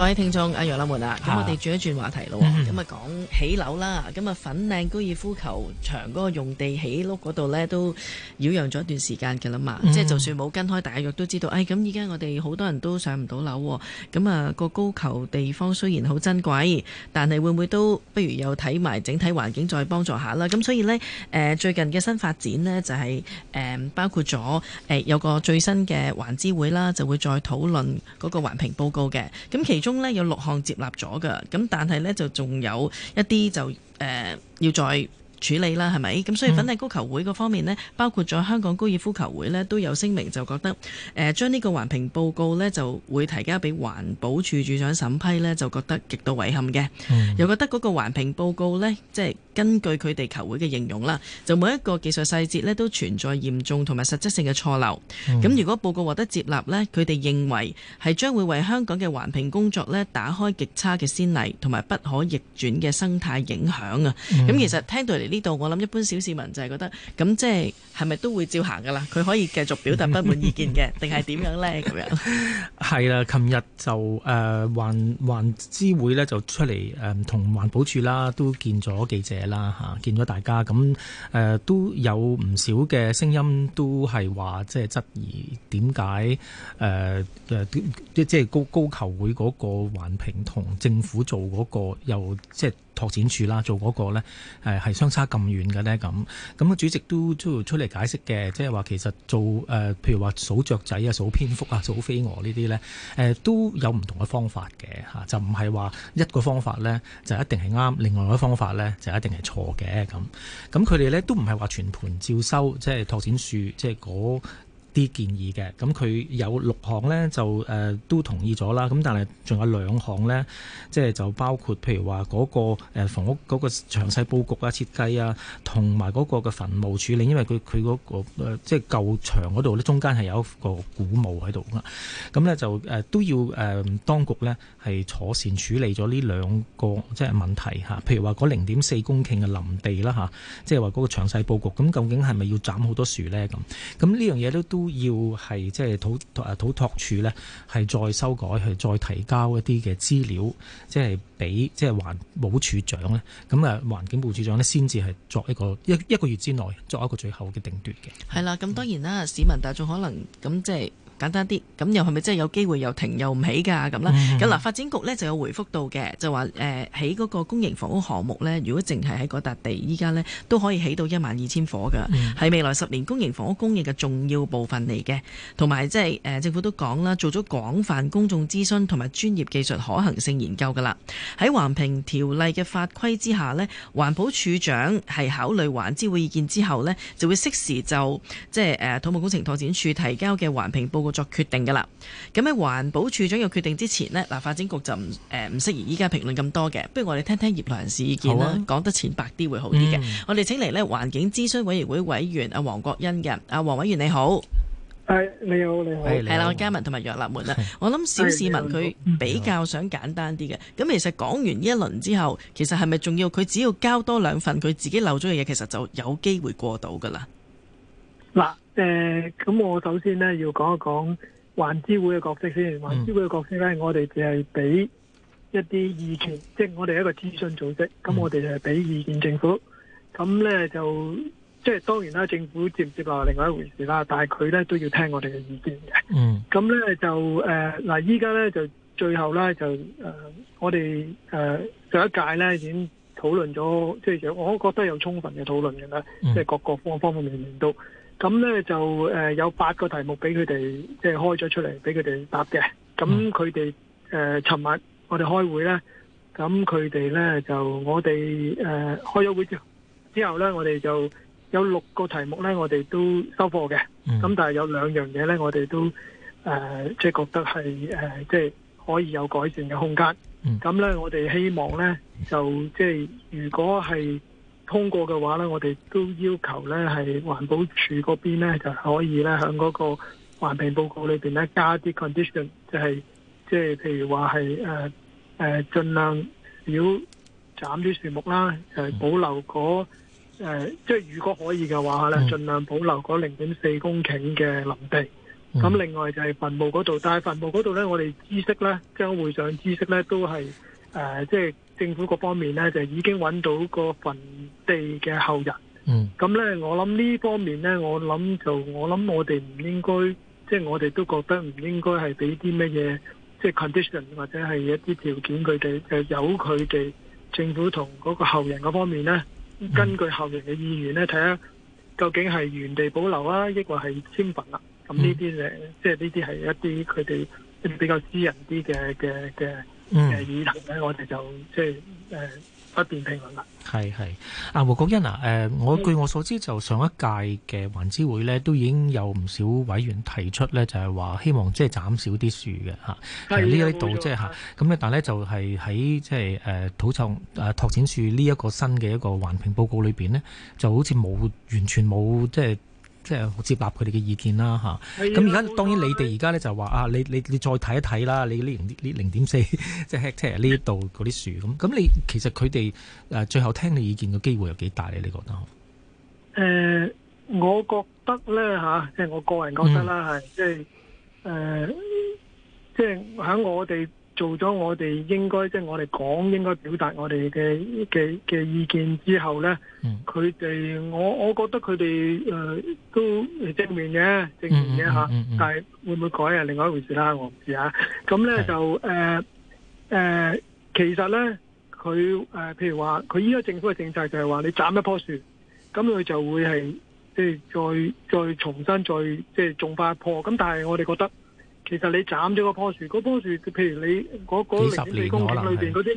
各位聽眾，阿楊立文啊，咁我哋轉一轉話題咯，咁啊講起樓啦，咁啊粉嶺高爾夫球場嗰個用地起樓嗰度咧都擾攘咗一段時間嘅啦嘛，即係、嗯、就，就算冇跟開大約都知道，誒咁依家我哋好多人都上唔到樓，咁啊、個高球地方雖然好珍貴，但係會唔會都不如又睇埋整體環境再幫助下啦？咁所以咧，誒、呃、最近嘅新發展咧就係、是、誒、呃、包括咗誒、呃、有個最新嘅環諮會啦，就會再討論嗰個環評報告嘅，咁其中。中咧有六項接納咗噶，咁但係咧就仲有一啲就誒、呃、要再。處理啦，係咪？咁所以粉嶺高球會嗰方面呢，嗯、包括咗香港高爾夫球會呢，都有聲明就覺得，誒、呃、將呢個環評報告呢，就會提交俾環保署署長審批呢，就覺得極度遺憾嘅。嗯、又覺得嗰個環評報告呢，即、就、係、是、根據佢哋球會嘅形容啦，就每一個技術細節呢，都存在嚴重同埋實質性嘅錯漏。咁、嗯、如果報告獲得接納呢，佢哋認為係將會為香港嘅環評工作呢，打開極差嘅先例同埋不可逆轉嘅生態影響啊。咁、嗯嗯、其實聽到。嚟。呢度我諗一般小市民就係覺得咁，即係係咪都會照行噶啦？佢可以繼續表達不滿意見嘅，定係點樣咧？咁樣係啦，琴日就誒、呃、環環諮會咧就出嚟同、呃、環保署啦都見咗記者啦嚇、啊，見咗大家咁、呃、都有唔少嘅聲音都係話即係質疑點解誒即係高高球會嗰個環評同政府做嗰個又即係。拓展署啦，做嗰個咧，誒係相差咁遠嘅咧，咁咁主席都出嚟解釋嘅，即係話其實做誒、呃，譬如話數雀仔啊、數蝙蝠啊、數飛蛾呢啲咧，誒、呃、都有唔同嘅方法嘅嚇，就唔係話一個方法咧就一定係啱，另外一個方法咧就一定係錯嘅咁。咁佢哋咧都唔係話全盤照收，即係拓展署，即係嗰啲建議嘅，咁佢有六項咧，就誒、呃、都同意咗啦。咁但係仲有兩項咧，即、就、係、是、就包括譬如話嗰個誒房屋嗰、那個詳細佈局啊、設計啊，同埋嗰個嘅墳墓處理，因為佢佢嗰個即係舊長嗰度咧，中間係有一個古墓喺度噶。咁咧就誒都要誒當局咧係妥善處理咗呢兩個即係問題吓，譬如話嗰零點四公頃嘅林地啦吓、啊，即係話嗰個詳細佈局，咁究竟係咪要斬好多樹咧咁？咁呢樣嘢都都。都要係即係土啊土拓署咧，係再修改，係再提交一啲嘅資料，即係俾即係環保署長咧，咁啊環境部署長咧，先至係作一個一一個月之內作一個最後嘅定奪嘅。係啦，咁當然啦，市民大眾可能咁即係。簡單啲，咁又係咪真係有機會又停又唔起㗎咁啦，咁嗱，mm hmm. 發展局呢就有回覆到嘅，就話誒起嗰個公營房屋項目呢，如果淨係喺嗰笪地，依家呢都可以起到一萬二千伙㗎，係、mm hmm. 未來十年公營房屋供應嘅重要部分嚟嘅，同埋即係政府都講啦，做咗廣泛公眾諮詢同埋專業技術可行性研究㗎啦。喺環評條例嘅法規之下呢，環保署長係考慮環諮會意見之後呢，就會適時就即係誒土木工程拓展署提交嘅環評報告，作決定噶啦。咁喺環保處長要決定之前呢，嗱，發展局就唔誒唔適宜依家評論咁多嘅，不如我哋聽聽業內人士意見啦，講、啊、得淺白啲會好啲嘅。嗯、我哋請嚟咧環境諮詢委員會委員阿黃國恩嘅，阿黃委員你好，係你好你好，係啦，嘉、哎、文同埋楊立門啊，哎、我諗小市民佢比較想簡單啲嘅，咁其實講完呢一輪之後，其實係咪仲要佢只要交多兩份佢自己漏咗嘅嘢，其實就有機會過到噶啦，嗱？誒，咁，呃、我首先咧要講一講環諮會嘅角色先。環諮會嘅角色咧，嗯、我哋就係俾一啲意見，嗯、即係我哋一個諮詢組織。咁我哋就係俾意見政府。咁咧就即係當然啦，政府接唔接納係另外一回事啦。但係佢咧都要聽我哋嘅意見嘅。嗯。咁咧就誒，嗱，呃，依家咧就最後咧就誒、呃，我哋誒、呃、上一屆咧已經討論咗，即係我我覺得有充分嘅討論嘅啦，嗯、即係各各方方方面面都。咁咧就誒有八個題目俾佢哋即係開咗出嚟俾佢哋答嘅。咁佢哋誒尋晚我哋開會咧，咁佢哋咧就我哋誒開咗會之後之後咧，我哋就有六個題目咧，我哋都收貨嘅。咁但係有兩樣嘢咧，我哋都誒即係覺得係誒即係可以有改善嘅空間。咁咧我哋希望咧就即係如果係，通過嘅話咧，我哋都要求咧係環保署嗰邊咧就可以咧喺嗰個環評報告裏邊咧加啲 condition，就係即係譬如話係誒誒盡量要斬啲樹木啦，誒、就是、保留嗰即係如果可以嘅話咧，嗯、盡量保留嗰零點四公頃嘅林地。咁、嗯、另外就係墳墓嗰度，但係墳墓嗰度咧，我哋知識咧將、就是、會上知識咧都係誒即係。呃就是政府嗰方面咧就已經揾到個墳地嘅後人，咁咧、嗯、我諗呢方面咧我諗就我諗我哋唔應該，即係我哋都覺得唔應該係俾啲乜嘢，即係 condition 或者係一啲條件佢哋誒由佢哋政府同嗰個後人嗰方面咧，嗯、根據後人嘅意願咧睇下究竟係原地保留啊，抑或係遷墳啊，咁呢啲誒，即係呢啲係一啲佢哋比較私人啲嘅嘅嘅。嗯，議題咧，我哋就即係誒不變平等啦。係係，啊黃國恩啊，誒、呃、我據我所知就上一屆嘅環諮會咧，都已經有唔少委員提出咧，就係、是、話希望即係斬少啲樹嘅嚇，呢一度即係嚇。咁咧，但係咧就係喺即係誒土葬誒、啊、拓展樹呢一個新嘅一個環評報告裏邊咧，就好似冇完全冇即係。就是即係好接納佢哋嘅意見啦嚇，咁而家當然你哋而家咧就話的啊，你你你再睇一睇啦，你呢呢零點四即係 hectare 呢度嗰啲樹咁，咁你其實佢哋誒最後聽你意見嘅機會有幾大咧？你覺得？誒，我覺得咧嚇，即係我個人覺得啦，係即係誒，即係喺我哋。做咗我哋應該即係、就是、我哋講應該表達我哋嘅嘅嘅意見之後呢，佢哋、嗯、我我覺得佢哋、呃、都正面嘅正面嘅嚇，嗯嗯嗯、但係會唔會改係另外一回事啦，我唔知啊。咁呢是的 就、呃呃、其實呢，佢、呃、譬如話，佢依家政府嘅政策就係話你斬一棵樹，咁佢就會係即係再再重新再即係種翻一棵，咁但係我哋覺得。其實你斬咗個棵樹，嗰棵樹，譬如你嗰嗰零點四公頃裏邊嗰啲，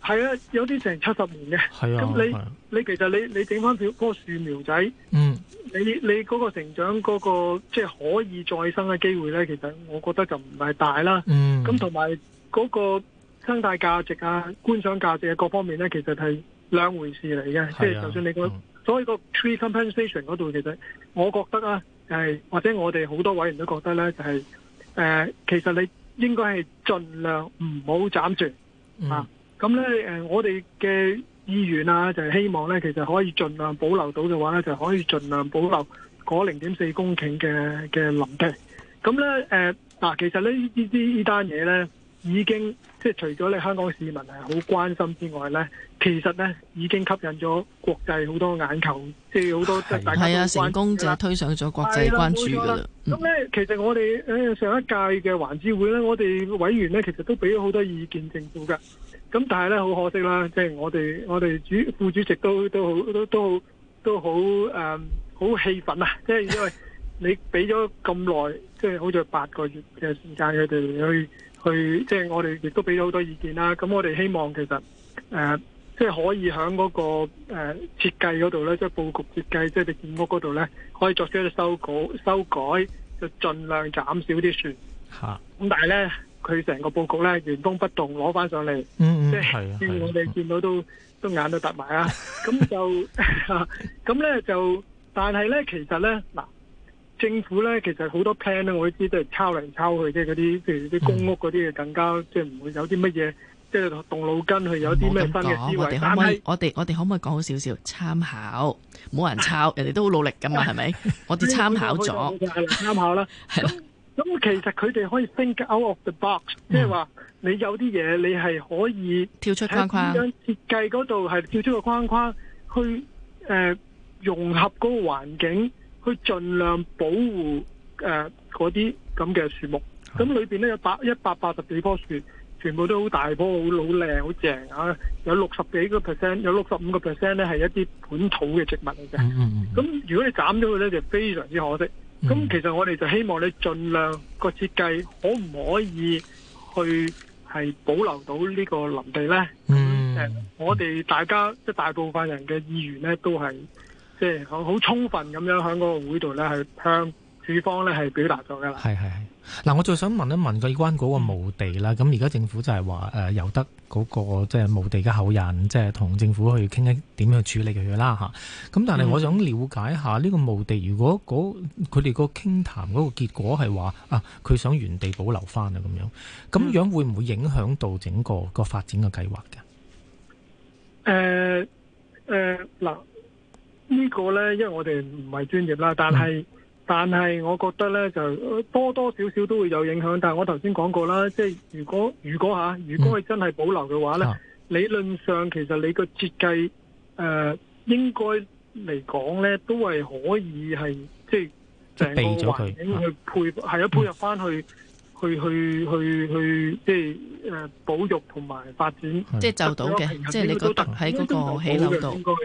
係啊些是，有啲成七十年嘅。係啊，咁你、啊、你，你其實你你整翻條棵樹苗仔，嗯，你你嗰個成長嗰、那個即係、就是、可以再生嘅機會咧，其實我覺得就唔係大啦。嗯，咁同埋嗰個生態價值啊、觀賞價值啊各方面咧，其實係兩回事嚟嘅。即係、啊、就，就算你個、嗯、所以嗰個 tree compensation 嗰度，其實我覺得啊，係、就是、或者我哋好多委員都覺得咧，就係、是。誒、呃，其實你應該係盡量唔好斬斷啊，咁咧誒，我哋嘅意願啊，就係、是、希望咧，其實可以盡量保留到嘅話咧，就可以盡量保留嗰零點四公頃嘅嘅林地，咁咧誒、嗱、呃啊，其實呢這這呢呢單嘢咧，已經即係除咗你香港市民係好關心之外咧，其實咧已經吸引咗國際好多眼球，即係好多即係大家關注啦。係啊，成功就推上咗國際關注噶啦。咁咧、嗯，其實我哋誒上一屆嘅環諮會咧，我哋委員咧，其實都俾咗好多意見政府嘅。咁但係咧好可惜啦，即係我哋我哋主副主席都都都都都好誒好氣憤啊！即係因為你俾咗咁耐，即係好似八個月嘅時間，佢哋去。去即係我哋亦都俾咗好多意見啦，咁我哋希望其實誒、呃，即係可以喺嗰個誒設計嗰度咧，即係布局設計，即係啲建屋嗰度咧，可以作出一啲修改，修改就盡量減少啲樹。吓咁、啊、但係咧，佢成個布局咧原封不動攞翻上嚟，嗯嗯即係我哋見到都、嗯、都眼都凸埋 啊！咁就咁咧就，但係咧其實咧嗱。政府咧，其實好多 plan 咧，我知道都知都係抄嚟抄去，即係嗰啲譬如啲公屋嗰啲啊，更加、嗯、即係唔會有啲乜嘢，即係動腦筋去有啲咩新思維。唔好咁講，我哋可唔可以？是我哋我哋可唔可以講好少少參考？冇人抄， 人哋都好努力㗎嘛，係咪？ 我哋參考咗，參考啦。咁咁其實佢哋可以 think out of the box，即係話你有啲嘢你係可以跳出框框設計嗰度係跳出個框框去誒、呃、融合嗰個環境。去盡量保護誒嗰啲咁嘅樹木，咁裏面咧有百一百八十多棵樹，全部都好大棵、好好靚、好正啊！有六十幾個 percent，有六十五個 percent 咧係一啲本土嘅植物嚟嘅。咁、嗯嗯嗯、如果你斬咗佢咧，就非常之可惜。咁其實我哋就希望你盡量個設計可唔可以去係保留到呢個林地咧？嗯，嗯，嗯，嗯我哋大家即係大部分人嘅意願咧，都係。即係好充分咁樣喺嗰個會度咧，係向主方咧係表達咗噶啦。係係係嗱，我最想問一問嘅，有關嗰個墓地啦。咁而家政府就係話誒，由得嗰個即係墓地嘅後人，即係同政府去傾一，點樣處理嘅佢啦吓。咁但係我想了解一下呢個墓地，如果嗰佢哋個傾談嗰個結果係話啊，佢想原地保留翻啊，咁樣咁樣會唔會影響到整個個發展嘅計劃嘅？誒誒嗱。嗯呃呃呢個呢，因為我哋唔係專業啦，但係、嗯、但係我覺得呢，就多多少少都會有影響。但係我頭先講過啦，即係如果如果吓，如果佢、啊、真係保留嘅話呢，嗯啊、理論上其實你個設計誒應該嚟講呢，都係可以係即係整個環境去配係啊，配合翻去去去去去即係誒保育同埋發展，嗯、即係就到嘅，平日即係你覺得喺嗰個起樓度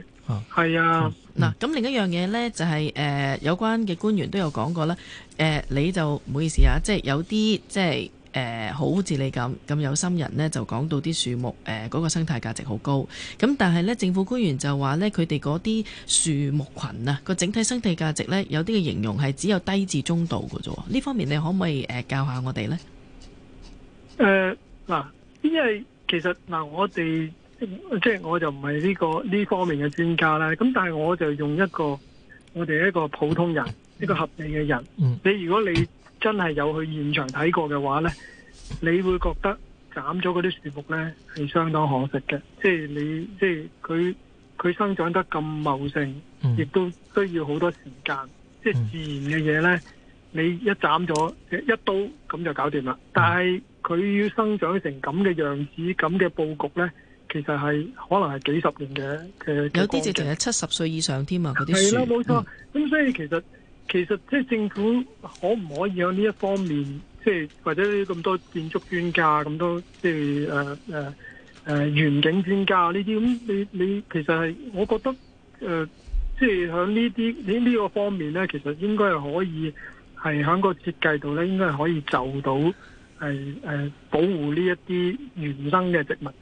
係啊。嗯嗱，咁、嗯、另一樣嘢呢，就係、是、誒、呃，有關嘅官員都有講過啦。誒、呃，你就唔好意思啊，即、就、係、是、有啲即係誒，好似你咁咁有心人呢，就講到啲樹木誒，嗰、呃那個生態價值好高。咁但係呢，政府官員就話呢，佢哋嗰啲樹木群啊，個整體生態價值呢，有啲嘅形容係只有低至中度嘅啫。呢方面你可唔可以誒、呃、教下我哋呢？誒、呃，嗱、啊，因為其實嗱、呃，我哋。即係我就唔係呢個呢方面嘅專家啦，咁但係我就用一個我哋一個普通人，一個合理嘅人。你如果你真係有去現場睇過嘅話呢，你會覺得斬咗嗰啲樹木呢係相當可惜嘅。即係你即係佢佢生長得咁茂盛，亦都需要好多時間。即係自然嘅嘢呢，你一斬咗一刀咁就搞掂啦。但係佢要生長成咁嘅樣子，咁嘅佈局呢。其實係可能係幾十年嘅，其實係有啲就成日七十歲以上添啊！嗰啲樹係咯，冇錯。咁、嗯、所以其實其實即係政府可唔可以喺呢一方面，即、就、係、是、或者咁多建築專家、咁多即係誒誒誒園景專家呢啲咁？這些你你其實係，我覺得誒，即係喺呢啲呢呢個方面咧，其實應該係可以係喺個設計度咧，應該係可以就到係誒、呃、保護呢一啲原生嘅植物的。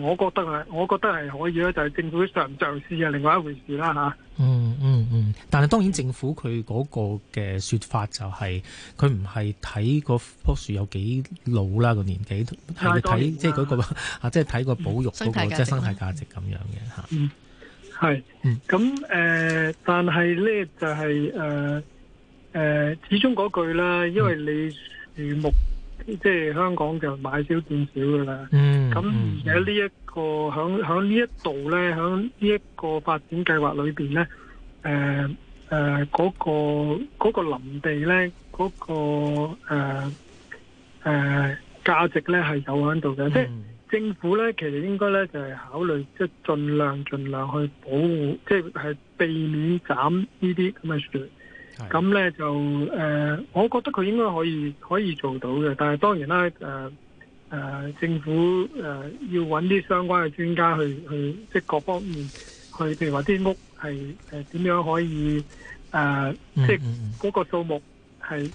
我覺得係，我覺得係可以咧，就係、是、政府上唔上試啊，另外一回事啦吓、嗯。嗯嗯嗯，但係當然政府佢嗰個嘅說法就係、是，佢唔係睇嗰棵樹有幾老啦然、就是那個年紀，係睇、嗯、即係嗰個啊，即係睇個保育嗰、那個即係生態價值咁樣嘅吓。嗯，係是。咁誒、嗯呃，但係咧就係誒誒，始終嗰句啦，因為你樹木。嗯即係香港就買少見少噶啦，咁而且呢一個響響呢一度咧，響呢一個發展計劃裏邊咧，誒誒嗰個、嗰個林地咧，嗰、嗰個誒誒價值咧係有喺度嘅，嗯、即係政府咧其實應該咧就係考慮，即係盡量盡量去保護，即、就、係、係、避免斬呢啲咁嘅樹。咁咧就誒、呃、我覺得佢應該可以可以做到嘅，但係當然啦誒誒政府誒、呃、要揾啲相關嘅專家去去，即各方面去，譬如話，啲屋係誒點樣可以誒、呃嗯嗯嗯、即係嗰個數目係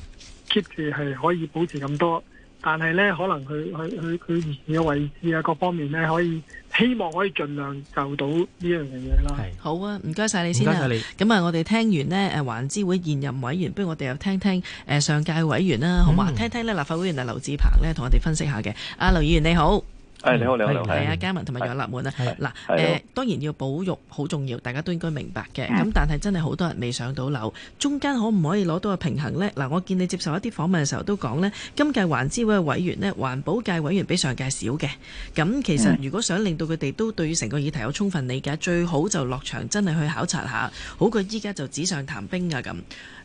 keep 住係可以保持咁多。但係咧，可能佢佢佢佢佢嘅位置啊，各方面咧，可以希望可以盡量救到呢樣嘢啦。係好啊，唔該曬你先啊。唔該曬你。咁啊，我哋聽完咧，誒環諮會現任委員，不如我哋又聽聽誒、呃、上屆委員啦，好嘛？嗯、聽聽立法會議員啊，劉志鵬咧，同我哋分析下嘅。劉議員你好。誒，嗯、你好，是你好，係啊，嘉文同埋楊立門啊，嗱，誒，當然要保育好重要，大家都應該明白嘅。咁但係真係好多人未上到樓，中間可唔可以攞到個平衡呢？嗱，我見你接受一啲訪問嘅時候都講呢，今屆環諮會嘅委員呢，環保界委員比上屆少嘅。咁其實如果想令到佢哋都對成個議題有充分理解，最好就落場真係去考察一下，好過依家就紙上談兵啊咁。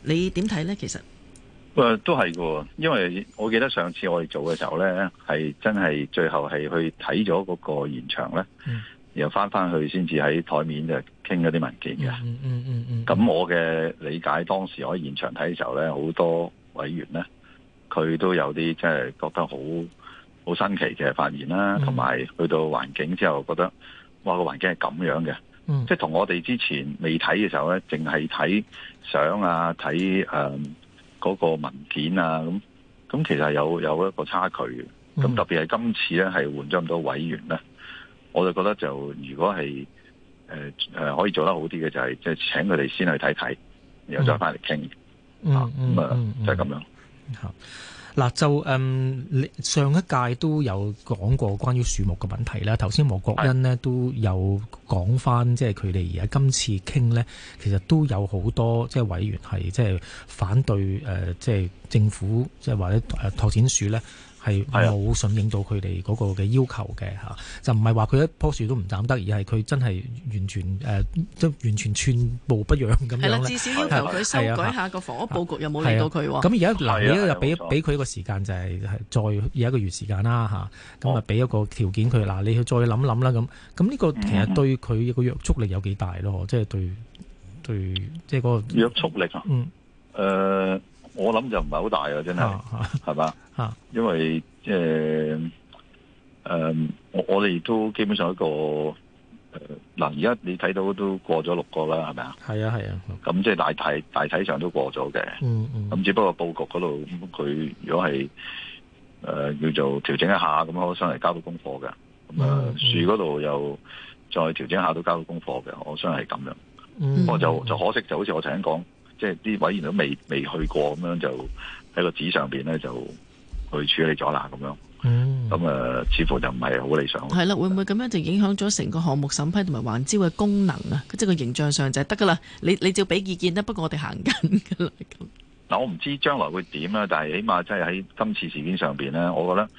你點睇呢？其實都係喎。因為我記得上次我哋做嘅時候呢，係真係最後係去睇咗嗰個現場呢、嗯、然後翻翻去先至喺台面就傾嗰啲文件嘅。咁、嗯嗯嗯嗯、我嘅理解，當時我喺現場睇嘅時候呢，好多委員呢，佢都有啲真係覺得好好新奇嘅發現啦、啊，同埋、嗯、去到環境之後覺得，哇、個環境係咁樣嘅，嗯、即係同我哋之前未睇嘅時候呢，淨係睇相啊，睇誒。嗯嗰個文件啊，咁咁其實有有一個差距，咁特別係今次咧係換咗咁多委員咧，我就覺得就如果係誒誒可以做得好啲嘅、就係，就係即係請佢哋先去睇睇，然後再翻嚟傾，嗯嗯嗯嗯、啊咁啊就係、係、咁樣。嗯嗯嗯嗱就誒上一屆都有講過關於樹木嘅問題啦，頭先黃國恩呢都有講翻，即係佢哋而家今次傾呢，其實都有好多即係委員係即係反對誒，即係政府即係或者拓展署呢。係冇順應到佢哋嗰個嘅要求嘅嚇就唔係話佢一棵樹都唔斬得，而係佢真係完全呃、即係、完全寸步不讓咁樣係啦，至少要求佢修改下個房屋佈局有冇理到佢喎。咁而家嗱，你又俾俾佢一個時間，就係再有一個月時間啦咁啊，俾一個條件佢嗱，你去再諗諗啦咁。咁呢個其實對佢個約束力有幾大咯？即係、嗯、對對即係嗰個約束力啊。嗯。呃我諗就唔係好大啊，真係係嘛，因為即係誒，我我哋都基本上一個誒，嗱、呃，而家你睇到都過咗六個啦，係咪啊？係啊係啊，咁即係大體大體上都過咗嘅。咁、嗯嗯、只不過佈局嗰度，佢如果係誒、呃、叫做調整一下，咁我相信係交到功課嘅。咁啊，樹嗰度又再調整一下都交到功課嘅，我相信係咁樣。嗯嗯、我就就可惜就好似我頭先講。即係啲委員都未未去過咁樣，就喺個紙上面咧就去處理咗啦咁樣。咁啊、嗯呃，似乎就唔係好理想。係啦、啊，會唔會咁樣就影響咗成個項目審批同埋環諮會嘅功能啊？即係個形象上就係得噶啦。你你照俾意見得，不過我哋行緊噶啦。嗱，我唔知將來會點啦，但係起碼真係喺今次事件上面咧，我覺得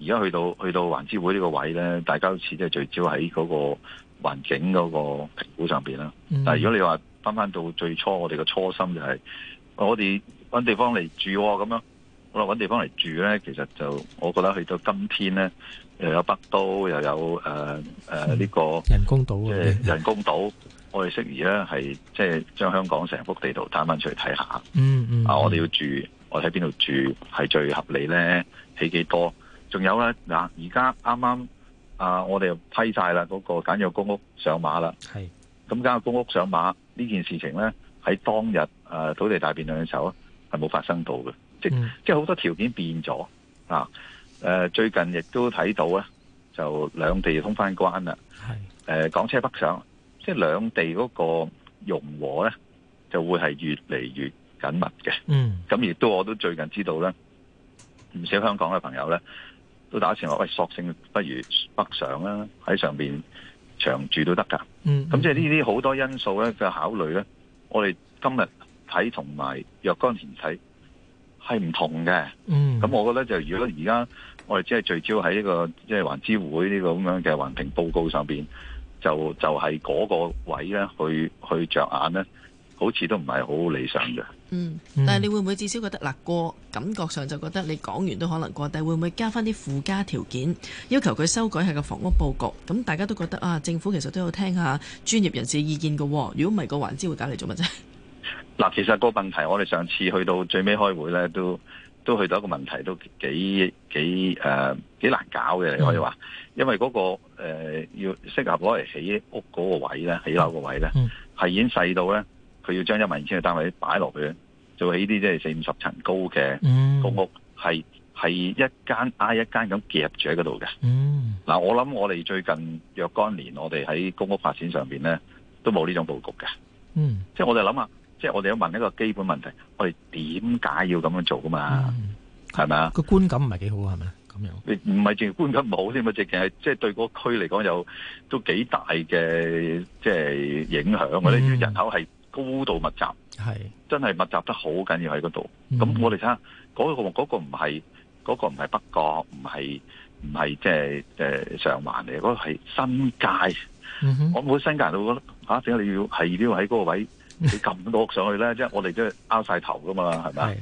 而家去到去到環諮會呢個位咧，大家都始終聚焦喺嗰個環境嗰個評估上面啦。嗯、但如果你話，翻翻到最初我哋嘅初心就係、是、我哋搵地方嚟住咁、哦、樣，我哋搵地方嚟住咧，其實就我覺得去到今天咧，又有北都又有誒誒呢個人工島，即係、呃、的人工島，我哋適宜咧係即係將香港成幅地圖攤翻出嚟睇下，嗯嗯，啊我哋要住，我喺邊度住係最合理咧，起幾多？仲有咧嗱，而家啱啱啊，我哋批晒啦嗰個簡約公屋上馬啦，係咁是，簡約公屋上馬。呢件事情咧喺當日啊土地大辯論嘅時候啊，係冇發生到嘅，即、嗯、即好多條件變咗啊！誒、呃，最近亦都睇到咧，就兩地通返關啦，係誒是、呃、港車北上，即兩地嗰個融和咧，就會係越嚟越緊密嘅。嗯，咁亦都我都最近知道咧，唔少香港嘅朋友咧都打算話喂索性不如北上啦，喺上邊。長住都得噶，咁即係呢啲好多因素咧嘅考慮咧，我哋今日睇同埋若干前睇係唔同嘅，咁我覺得就如果而家我哋只係聚焦喺呢個即係、就是、環諮會呢個咁樣嘅環評報告上面，就就係、是、嗰個位咧去去着眼咧，好似都唔係好理想嘅。嗯，但係你會唔會至少覺得，嗱過感覺上就覺得你講完都可能過，但係會唔會加返啲附加條件，要求佢修改下個房屋布局？咁大家都覺得啊，政府其實都要聽下專業人士嘅意見㗎。如果唔係，個環諮會搞嚟做乜啫？嗱，其實個問題我哋上次去到最尾開會咧，都都去到一個問題，都幾幾誒、呃、幾難搞嘅。嗯、你可以話，因為嗰、那個誒、呃、要適合攞嚟起屋嗰個位咧，起樓個位咧，係、嗯、已經細到咧。我要將一萬五千個單位擺落去，做起啲即係四五十層高嘅公屋，係係一間挨一間咁夾住喺嗰度嘅。嗱，我諗我哋最近若干年，我哋喺公屋發展上邊咧，都冇呢種布局嘅。即係我哋諗下，即係我哋要問一個基本問題：我哋點解要咁樣做噶嘛？係咪啊？個觀感唔係幾好，係咪？咁樣唔係淨係觀感冇添嘛？直情係即係對個區嚟講有都幾大嘅即係影響嘅。我哋人口係。高度密集，係是真係密集得好緊要喺嗰度。咁、嗯、我哋睇下嗰個，嗰、那個唔係嗰個唔係北角，唔係唔係即係誒上環嚟，嗰、那個係新界。嗯、哼我每新界人，都覺得嚇，點、啊、解你要係呢度？喺嗰個位，你咁多屋上去咧？即係 我哋都拗晒頭噶嘛，係咪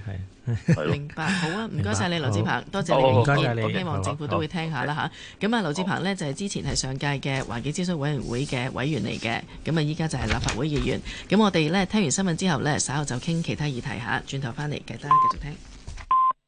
明白，好啊，唔該晒你，劉智鵬，好多謝你嘅意見，我希望政府都會聽下啦吓。咁啊，劉、okay, 智鵬呢，就係、是、之前係上屆嘅環境諮詢委員會嘅委員嚟嘅，咁啊依家就係立法會議員。咁我哋呢，聽完新聞之後呢，稍後就傾其他議題下，轉頭翻嚟記得繼續聽。